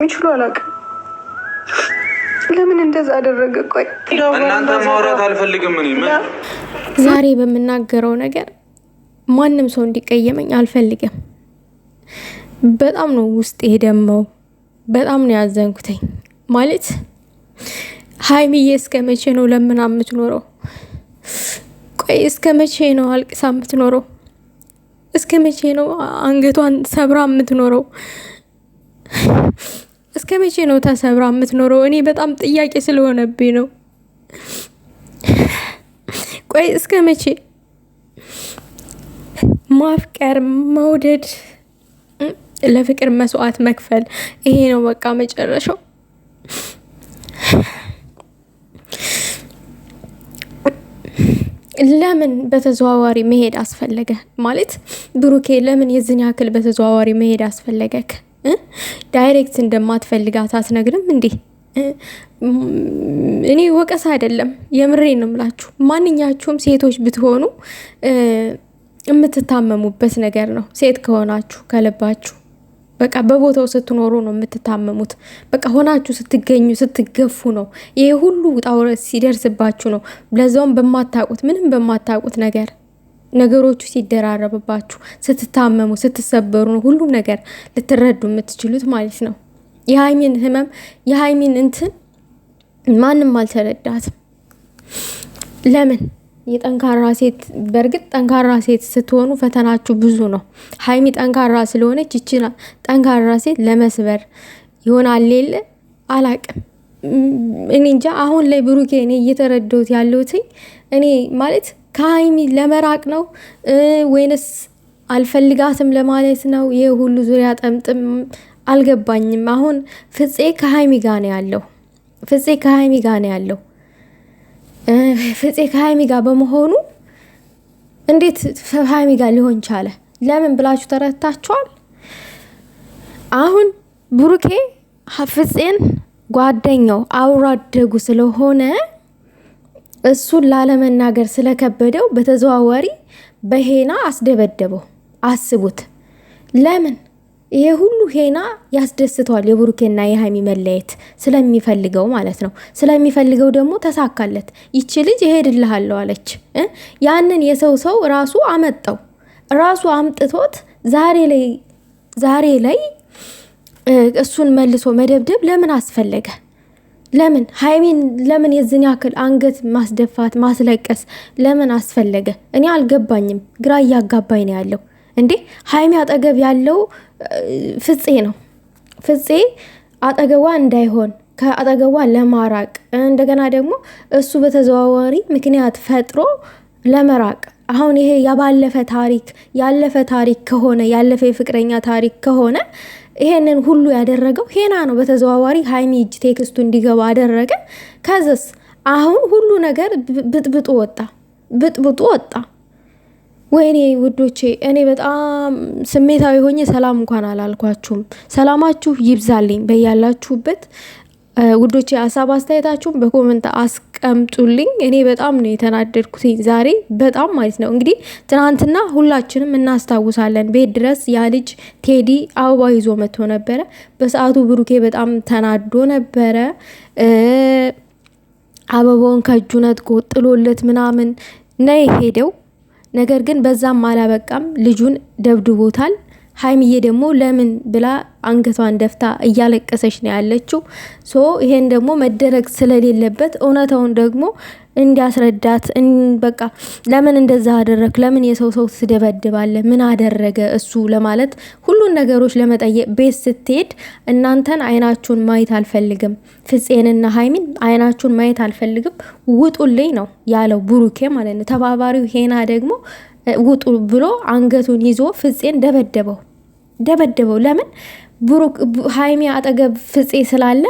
የሚችሉ አላውቅም። ለምን እንደዛ አደረገ? ቆይ እናንተ ማውራት አልፈልግም። ዛሬ በምናገረው ነገር ማንም ሰው እንዲቀየመኝ አልፈልግም። በጣም ነው ውስጥ የደመው፣ በጣም ነው ያዘንኩትኝ። ማለት ሀይሚዬ እስከ መቼ ነው ለምን የምትኖረው? ቆይ እስከ መቼ ነው አልቅሳ የምትኖረው? እስከ መቼ ነው አንገቷን ሰብራ የምትኖረው? እስከ መቼ ነው ተሰብራ የምትኖረው? እኔ በጣም ጥያቄ ስለሆነብኝ ነው። ቆይ እስከ መቼ ማፍቀር፣ መውደድ፣ ለፍቅር መስዋዕት መክፈል ይሄ ነው በቃ መጨረሻው። ለምን በተዘዋዋሪ መሄድ አስፈለገ? ማለት ብሩኬ ለምን የዝን ያክል በተዘዋዋሪ መሄድ አስፈለገክ? ዳይሬክት እንደማትፈልጋት አትነግርም እንዴ? እኔ ወቀሳ አይደለም፣ የምሬ ነው የምላችሁ። ማንኛችሁም ሴቶች ብትሆኑ የምትታመሙበት ነገር ነው። ሴት ከሆናችሁ ከልባችሁ በቃ በቦታው ስትኖሩ ነው የምትታመሙት። በቃ ሆናችሁ ስትገኙ ስትገፉ ነው ይሄ ሁሉ ውጣ ውረድ ሲደርስባችሁ ነው። ለዛውም በማታውቁት ምንም በማታውቁት ነገር ነገሮቹ ሲደራረብባችሁ ስትታመሙ ስትሰበሩ ነው ሁሉም ነገር ልትረዱ የምትችሉት ማለት ነው። የሀይሚን ህመም የሀይሚን እንትን ማንም አልተረዳትም። ለምን የጠንካራ ሴት በእርግጥ ጠንካራ ሴት ስትሆኑ ፈተናችሁ ብዙ ነው። ሀይሚ ጠንካራ ስለሆነች ይችን ጠንካራ ሴት ለመስበር ይሆናል ሌለ አላቅም እኔ እንጃ። አሁን ላይ ብሩኬ እኔ እየተረዳሁት ያለሁት እኔ ማለት ከሀይሚ ለመራቅ ነው ወይንስ አልፈልጋትም ለማለት ነው? ይህ ሁሉ ዙሪያ ጠምጥም አልገባኝም። አሁን ፍፄ ከሀይሚ ጋ ነው ያለው። ፍፄ ከሀይሚ ጋ ነው ያለው። ፍፄ ከሀይሚ ጋ በመሆኑ እንዴት ሀይሚ ጋ ሊሆን ቻለ? ለምን ብላችሁ ተረታችኋል። አሁን ብሩኬ ፍፄን ጓደኛው አውራደጉ ስለሆነ እሱን ላለመናገር ስለከበደው በተዘዋዋሪ በሄና አስደበደበው። አስቡት። ለምን ይሄ ሁሉ ሄና ያስደስተዋል። የብሩኬና የሀይሚ መለየት ስለሚፈልገው ማለት ነው። ስለሚፈልገው ደግሞ ተሳካለት። ይቺ ልጅ እሄድልሃለሁ አለች። ያንን የሰው ሰው ራሱ አመጣው፣ ራሱ አምጥቶት ዛሬ ላይ ዛሬ ላይ እሱን መልሶ መደብደብ ለምን አስፈለገ? ለምን ሀይሚን ለምን የዝን ያክል አንገት ማስደፋት ማስለቀስ ለምን አስፈለገ? እኔ አልገባኝም። ግራ እያጋባኝ ነው ያለው። እንዴ ሀይሚ አጠገብ ያለው ፍፄ ነው። ፍፄ አጠገቧ እንዳይሆን ከአጠገቧ ለማራቅ እንደገና ደግሞ እሱ በተዘዋዋሪ ምክንያት ፈጥሮ ለመራቅ አሁን ይሄ ያባለፈ ታሪክ ያለፈ ታሪክ ከሆነ ያለፈ የፍቅረኛ ታሪክ ከሆነ ይሄንን ሁሉ ያደረገው ሄና ነው። በተዘዋዋሪ ሀይሚ እጅ ቴክስቱ እንዲገባ አደረገ። ከዘስ አሁን ሁሉ ነገር ብጥብጡ ወጣ፣ ብጥብጡ ወጣ። ወይኔ ውዶቼ፣ እኔ በጣም ስሜታዊ ሆኜ ሰላም እንኳን አላልኳችሁም። ሰላማችሁ ይብዛልኝ በያላችሁበት ውዶቼ። ሀሳብ አስተያየታችሁም በኮመንት ቀምጡልኝ። እኔ በጣም ነው የተናደድኩት ዛሬ በጣም ማለት ነው። እንግዲህ ትናንትና ሁላችንም እናስታውሳለን ቤት ድረስ ያ ልጅ ቴዲ አበባ ይዞ መጥቶ ነበረ። በሰዓቱ ብሩኬ በጣም ተናዶ ነበረ። አበባውን ከእጁ ነጥቆ ጥሎለት ምናምን ነው የሄደው። ነገር ግን በዛም አላበቃም፣ ልጁን ደብድቦታል። ሀይምዬ ደግሞ ለምን ብላ አንገቷን ደፍታ እያለቀሰች ነው ያለችው። ሶ ይሄን ደግሞ መደረግ ስለሌለበት እውነታውን ደግሞ እንዲያስረዳት በቃ ለምን እንደዛ አደረግ፣ ለምን የሰው ሰው ትደበድባለ፣ ምን አደረገ እሱ ለማለት ሁሉን ነገሮች ለመጠየቅ ቤት ስትሄድ እናንተን አይናችሁን ማየት አልፈልግም፣ ፍፄንና ሀይሚን አይናችሁን ማየት አልፈልግም፣ ውጡልኝ ነው ያለው ብሩኬ ማለት ነው። ተባባሪው ሄና ደግሞ ውጡ ብሎ አንገቱን ይዞ ፍፄን ደበደበው። ደበደበው። ለምን ብሩክ ሀይሚ አጠገብ ፍፄ ስላለ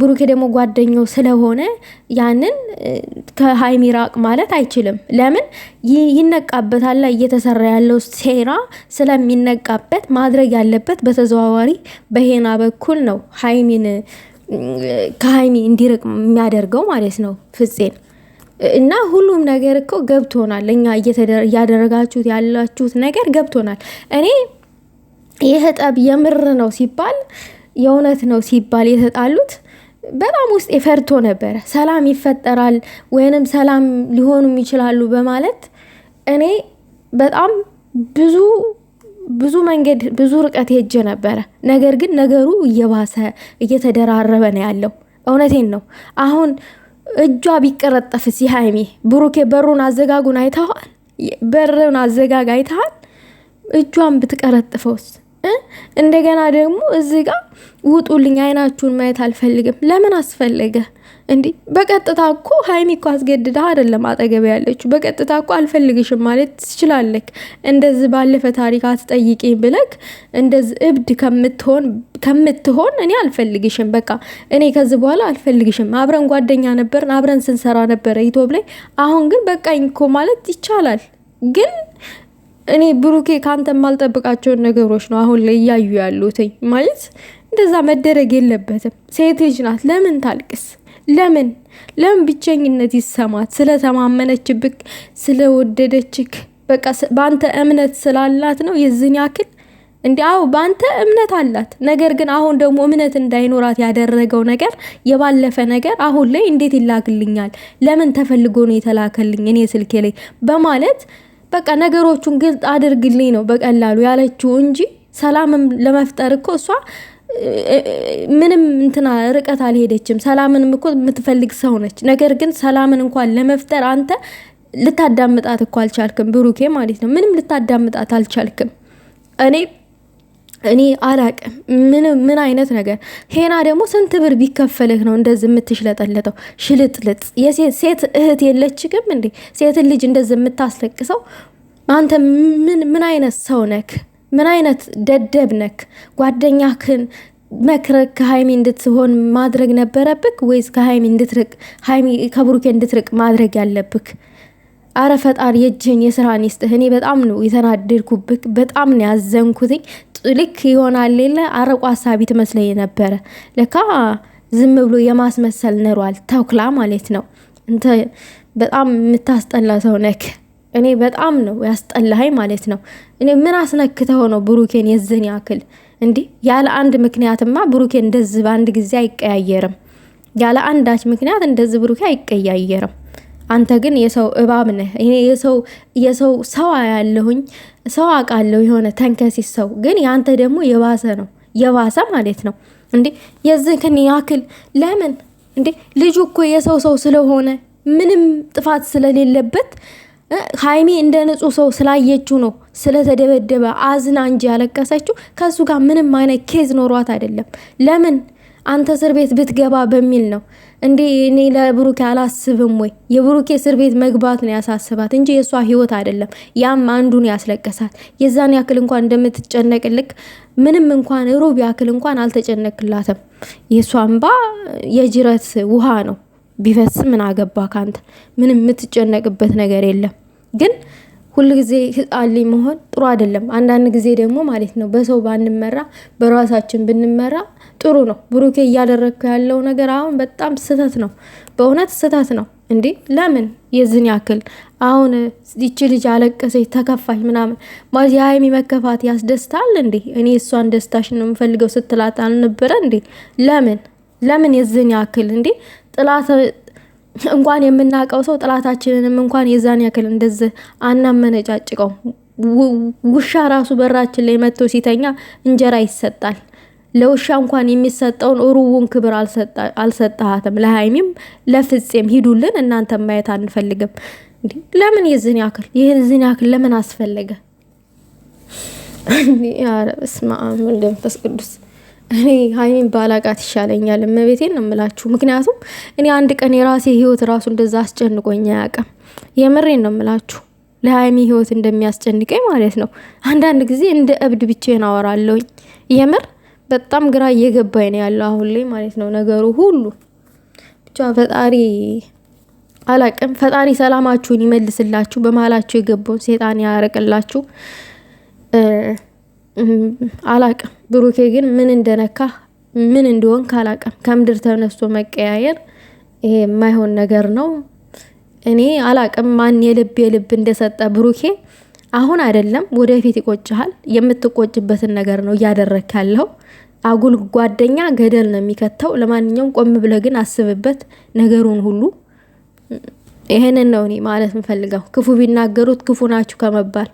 ብሩኬ ደግሞ ጓደኛው ስለሆነ ያንን ከሀይሚ ራቅ ማለት አይችልም። ለምን ይነቃበታል። እየተሰራ ያለው ሴራ ስለሚነቃበት ማድረግ ያለበት በተዘዋዋሪ በሄና በኩል ነው ሀይሚን ከሀይሚ እንዲርቅ የሚያደርገው ማለት ነው ፍፄን እና ሁሉም ነገር እኮ ገብቶናል። እኛ እያደረጋችሁት ያላችሁት ነገር ገብቶናል እኔ ይህ ጠብ የምር ነው ሲባል የእውነት ነው ሲባል የተጣሉት በጣም ውስጥ የፈርቶ ነበረ። ሰላም ይፈጠራል ወይንም ሰላም ሊሆኑም ይችላሉ በማለት እኔ በጣም ብዙ ብዙ መንገድ ብዙ ርቀት ሄጀ ነበረ። ነገር ግን ነገሩ እየባሰ እየተደራረበ ነው ያለው። እውነቴን ነው። አሁን እጇ ቢቀረጠፍስ የሀይሜ ብሩኬ በሩን አዘጋጉን አይተዋል። በርን አዘጋግ አይተዋል። እጇን ብትቀረጥፈውስ እንደገና ደግሞ እዚህ ጋር ውጡልኝ፣ አይናችሁን ማየት አልፈልግም። ለምን አስፈለገ? እንዲህ በቀጥታ እኮ ሀይሚ እኮ አስገድዳ አይደለም አጠገብ ያለችው። በቀጥታ እኮ አልፈልግሽም ማለት ትችላለክ። እንደዚህ ባለፈ ታሪክ አትጠይቂኝ ብለክ እንደዚህ እብድ ከምትሆን ከምትሆን እኔ አልፈልግሽም፣ በቃ እኔ ከዚህ በኋላ አልፈልግሽም። አብረን ጓደኛ ነበርን፣ አብረን ስንሰራ ነበረ ዩቲዩብ ላይ። አሁን ግን በቃኝ እኮ ማለት ይቻላል ግን እኔ ብሩኬ ከአንተ የማልጠብቃቸውን ነገሮች ነው አሁን ላይ እያዩ ያሉትኝ። ማለት እንደዛ መደረግ የለበትም። ሴት ልጅ ናት። ለምን ታልቅስ? ለምን ለምን ብቸኝነት ይሰማት? ስለተማመነችብክ፣ ስለወደደችክ፣ በቃ በአንተ እምነት ስላላት ነው የዝን ያክል እንዲ አዎ በአንተ እምነት አላት። ነገር ግን አሁን ደግሞ እምነት እንዳይኖራት ያደረገው ነገር የባለፈ ነገር አሁን ላይ እንዴት ይላክልኛል? ለምን ተፈልጎ ነው የተላከልኝ እኔ ስልኬ ላይ በማለት በቃ ነገሮቹን ግልጥ አድርግልኝ ነው በቀላሉ ያለችው እንጂ ሰላምም ለመፍጠር እኮ እሷ ምንም እንትና ርቀት አልሄደችም። ሰላምንም እኮ የምትፈልግ ሰው ነች። ነገር ግን ሰላምን እንኳን ለመፍጠር አንተ ልታዳምጣት እኮ አልቻልክም፣ ብሩኬ ማለት ነው። ምንም ልታዳምጣት አልቻልክም። እኔ እኔ አላቅም ምን ምን አይነት ነገር ሄና ደግሞ ስንት ብር ቢከፈልህ ነው እንደዚህ የምትሽለጠለጠው? ሽልጥልጥ የሴት ሴት እህት የለችግም እንዴ? ሴትን ልጅ እንደዚህ የምታስለቅሰው አንተ ምን ምን አይነት ሰው ነክ? ምን አይነት ደደብ ነክ? ጓደኛክን መክረክ ከሀይሚ እንድትሆን ማድረግ ነበረብክ ወይስ ከሀይሚ እንድትርቅ ሀይሚ ከብሩኬ እንድትርቅ ማድረግ ያለብክ? አረ ፈጣሪ የእጅህን የስራን ይስጥህ። እኔ በጣም ነው የተናደድኩብክ፣ በጣም ነው ያዘንኩትኝ። ውስጥ ልክ ይሆናል ሌለ አረቆ ሀሳቢ ትመስለኝ ነበረ። ለካ ዝም ብሎ የማስመሰል ነሯል ተኩላ ማለት ነው። እንተ በጣም የምታስጠላ ሰው ነክ። እኔ በጣም ነው ያስጠላኸኝ ማለት ነው። እኔ ምን አስነክተው ነው ብሩኬን የዝን ያክል እንዲህ ያለ አንድ ምክንያትማ ብሩኬን እንደዚህ በአንድ ጊዜ አይቀያየርም። ያለ አንዳች ምክንያት እንደዚህ ብሩኬ አይቀያየርም። አንተ ግን የሰው እባብ ነህ። የሰው ሰው ያለሁኝ ሰው አውቃለሁ፣ የሆነ ተንከሲስ ሰው ግን የአንተ ደግሞ የባሰ ነው የባሰ ማለት ነው እንዴ የዚህን ያክል ለምን እንዴ? ልጁ እኮ የሰው ሰው ስለሆነ ምንም ጥፋት ስለሌለበት ሀይሚ እንደ ንጹህ ሰው ስላየችው ነው ስለተደበደበ አዝና እንጂ ያለቀሰችው። ከእሱ ጋር ምንም አይነት ኬዝ ኖሯት አይደለም። ለምን አንተ እስር ቤት ብትገባ በሚል ነው እንዴ? እኔ ለብሩኬ አላስብም ወይ? የብሩኬ እስር ቤት መግባት ነው ያሳስባት እንጂ የእሷ ህይወት አይደለም። ያም አንዱን ያስለቀሳት። የዛን ያክል እንኳን እንደምትጨነቅልክ ምንም እንኳን ሩብ ያክል እንኳን አልተጨነቅላትም። የእሷ እንባ የጅረት ውሃ ነው። ቢፈስ ምን አገባ ካንተ? ምንም የምትጨነቅበት ነገር የለም ግን ሁል ጊዜ አሊ መሆን ጥሩ አይደለም። አንዳንድ ጊዜ ደግሞ ማለት ነው በሰው ባንመራ በራሳችን ብንመራ ጥሩ ነው። ብሩኬ እያደረግኩ ያለው ነገር አሁን በጣም ስህተት ነው፣ በእውነት ስህተት ነው። እንዴ ለምን የዝን ያክል አሁን ይቺ ልጅ አለቀሰች ተከፋች ምናምን ማለት የሀይሚ መከፋት ያስደስታል እንዴ? እኔ እሷን ደስታሽን ነው የምፈልገው ስትላት አልነበረ እንዴ? ለምን ለምን የዝን ያክል እንዴ ጥላት እንኳን የምናውቀው ሰው ጥላታችንንም እንኳን የዛን ያክል እንደዚህ አናመነጫጭቀው። ውሻ ራሱ በራችን ላይ መጥቶ ሲተኛ እንጀራ ይሰጣል። ለውሻ እንኳን የሚሰጠውን ሩውን ክብር አልሰጠሃትም። ለሀይሚም ለፍፄም ሂዱልን እናንተ ማየት አንፈልግም። ለምን የዝን ያክል ይህን ያክል ለምን አስፈለገ? ኧረ በስመ አብ ወመንፈስ ቅዱስ እኔ ሀይሚን ባላቃት ይሻለኛል። እመቤቴን ነው የምላችሁ። ምክንያቱም እኔ አንድ ቀን የራሴ ህይወት ራሱ እንደዛ አስጨንቆኝ አያውቅም። የምሬን ነው ምላችሁ ለሀይሚ ህይወት እንደሚያስጨንቀኝ ማለት ነው። አንዳንድ ጊዜ እንደ እብድ ብቻዬን አወራለሁኝ። የምር በጣም ግራ እየገባኝ ነው ያለው አሁን ላይ ማለት ነው ነገሩ ሁሉ ብቻ ፈጣሪ አላቅም። ፈጣሪ ሰላማችሁን ይመልስላችሁ፣ በመሀላችሁ የገባውን ሴጣን ያረቅላችሁ። አላቅም። ብሩኬ ግን ምን እንደነካ ምን እንደሆን ካላቅም ከምድር ተነስቶ መቀያየር ይሄ የማይሆን ነገር ነው። እኔ አላቅም ማን የልብ የልብ እንደሰጠ ብሩኬ አሁን አይደለም ወደፊት ይቆጭሃል። የምትቆጭበትን ነገር ነው እያደረክ ያለው። አጉል ጓደኛ ገደል ነው የሚከተው። ለማንኛውም ቆም ብለህ ግን አስብበት ነገሩን ሁሉ። ይሄንን ነው እኔ ማለት የምፈልገው። ክፉ ቢናገሩት ክፉ ናችሁ ከመባል